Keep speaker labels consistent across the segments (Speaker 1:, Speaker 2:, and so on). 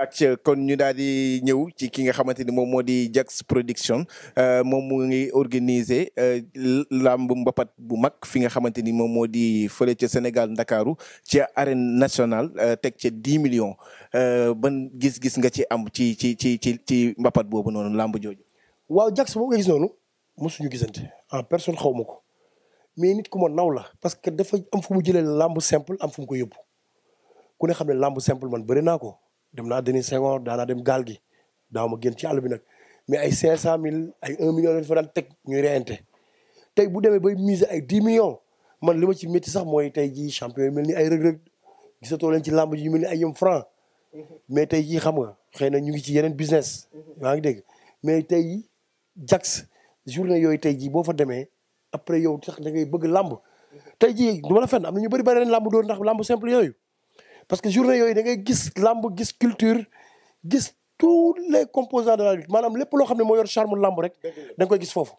Speaker 1: ak euh, kon ñu daal di ñëw ci ki nga xamante ni moom moo di Jax Production euh, moom moo ngi organiser euh, làmb mbapat bu mag fi nga xamante ni moom moo di fële ci senegal Ndakaaru ci arène national teg ca dix millions ban gis-gis nga ci am ci ci ci ci ci mbapat boobu noonu làmb jooj
Speaker 2: waaw Jax boobu nga gis noonu mosuñu gisante en personne xaw ma ko mais nit ku ma naw la parce que dafa am fu mu jëlee làmb simple am fu mu ko yóbbu ku ne xam ne làmb simple man bëri naa ko. dem naa Denis Senghor daanaa dem gaal gi daaw ma génn ci àll bi nag mais ay 500000 ay 1 million lañ fa daan teg ñuy reyante tey bu demee bay mise ay 10 millions man li ma ci métti sax mooy tey jii champion yu mel ni ay rëg-rëg gisatoo leen ci làmb ji yu mel ni ay yom franc mais tey jii xam nga xëy na ñu ngi ci yeneen business maa ngi dégg mais tey jax journée yooyu tey jii boo fa demee après yow sax da ngay bëgg làmb tey jii du ma la fenn am ñu bëri bëri leen làmb dóor ndax lamb simple yooyu parce que journée yooyu da ngay gis lamb gis culture gis tous les composants de la lutte maanaam lépp loo xam ne moo yor charme lamb rek da koy gis foofu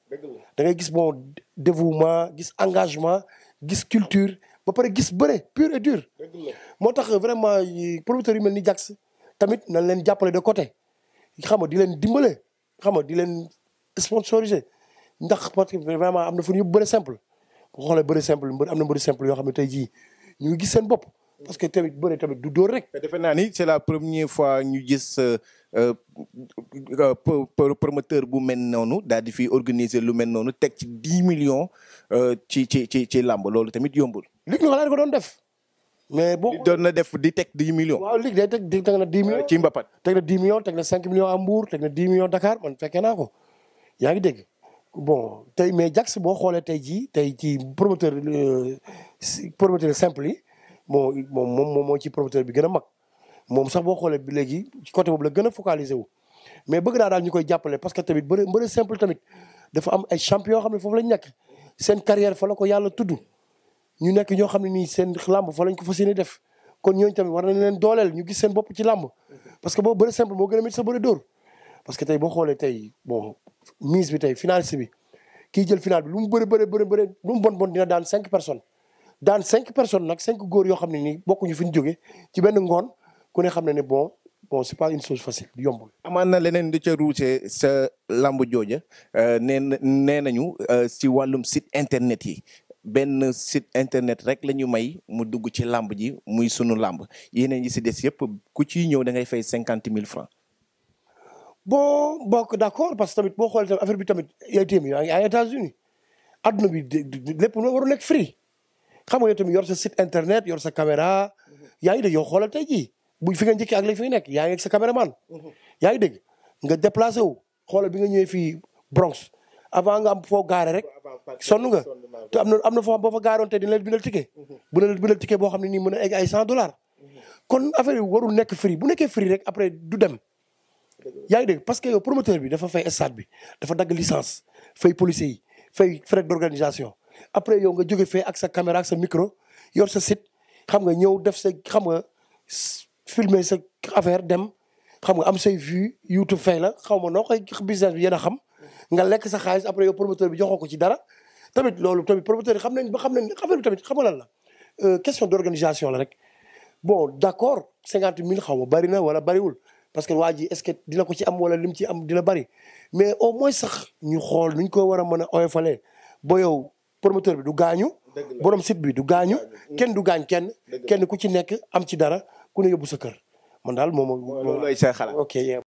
Speaker 2: da ngay gis bon dévouement gis engagement gis culture ba pare gis bëre pur et dur moo tax vraiment promoteurs yu mel ni Jax tamit nañ leen jàppale de côté xam nga di leen dimbale xam nga di leen sponsorisé ndax parce que vraiment am na fu ñu bëri simple boo xoolee bëri simple am na bëri simple yoo xam ne tey jii ñu ngi gis seen bopp parce que tamit bëre tamit du dóor rek. defe naa ni c'est la première fois
Speaker 1: ñu gis euh, euh, promoteur bu mel noonu daal di fi organiser lu mel noonu teg ci dix millions euh, ci ci ci ci làmb loolu tamit yombul. Luc
Speaker 2: Nicolaï ko doon def. mais boo doon na def di teg dix millions. waaw Luc day teg teg ci Mbapat teg na dix millions teg na cinq millions à Mbour teg na dix millions Dakar man fekkee naa ko yaa ngi dégg. bon tey mais Jax boo xoolee tey jii tey ci promoteur promoteur simple yi. moo moom moom moo ci promoteur bi gën a mag moom sax boo xoolee bi léegi ci côté boobu la gën a focalisé wu mais bëgg naa daal ñu koy jàppale parce que tamit bëri bëri simple tamit dafa am ay champion yoo xam ne foofu lañ nekk seen carrière fa la ko yàlla tudd ñu nekk ñoo xam ne nii seen làmb fa lañ ko fas yéene def kon ñooñu tamit war nañ leen dooleel ñu gis seen bopp ci làmb parce que boo bëri simple moo gën a métti sa bëri dóor parce que tey boo xoolee tey bon mise bi tey finaliste bi kii jël final bi lu mu bëri bëri bëri bëri lu mu bon bon dina daan cinq personnes daan cinq personnes nag cinq góor yoo xam ne nii ñu fi ñu jóge ci benn ngoon ku ne xam ne ne bon bon c'est pas une chose facile yombul.
Speaker 1: amaan na leneen di ca ruusee sa lamb jooja euh, nee nee nañu si euh, wàllum site internet yi benn site internet rek la ñu may mu dugg ci lamb ji muy sunu lamb yeneen yi si des yëpp ku ci ñëw da ngay fay cinquante mille francs
Speaker 2: bon bokk d'accord parce que tamit boo xool tamit affaire bi tamit ay téeméer ay États-Unis adduna bi lépp waru nekk free xam nga yow tamit yor sa site internet yor sa caméra yaa ngi dégg yow xoolal te jii bu fi nga njëkkee ak la fi nekk yaa ngi ak sa caméraman yaa ngi dégg nga déplacé wu xoolal bi nga ñëwee fii Bronx avant nga am foo gaare rek sonn nga te am na am na foo xam boo fa gaaroon te dina la bindal ticket mhm. bu la bindal boo xam ne nii mën a egg ay cent dollars mhm. kon affaire yi warul nekk free bu nekkee free rek après du dem yaa ngi dégg parce que yow promoteur bi dafa fay stade bi dafa dagg licence fay policiers yi fay frais d'organisation après yow nga jóge fee ak sa caméra ak sa micro yor sa site xam nga ñëw def sa xam nga filmer sa affaire dem xam nga am say vue YouTube fay la xaw ma noo koy business bi yen a xam nga lekk sa xaalis après yow promoteur bi jox ko ci dara tamit loolu tamit promoteur yi xam nañ xam nañ affaire bi tamit xam nga lan la euh, question d'organisation la rek bon d'accord cinquante mille xaw ma bari na wala bariwul parce que waa ji est-ce que dina ko ci am wala lim ci am dina bari mais au moins sax ñu xool nuñ ko war a mën a oyofalee ba yow promoteur bi du gaañu. borom site bi du gaañu. kenn du gaañ kenn. kenn ku ci nekk am ci dara ku ne bu sa kër. man daal moom mooy. loolu sa xalaat ok.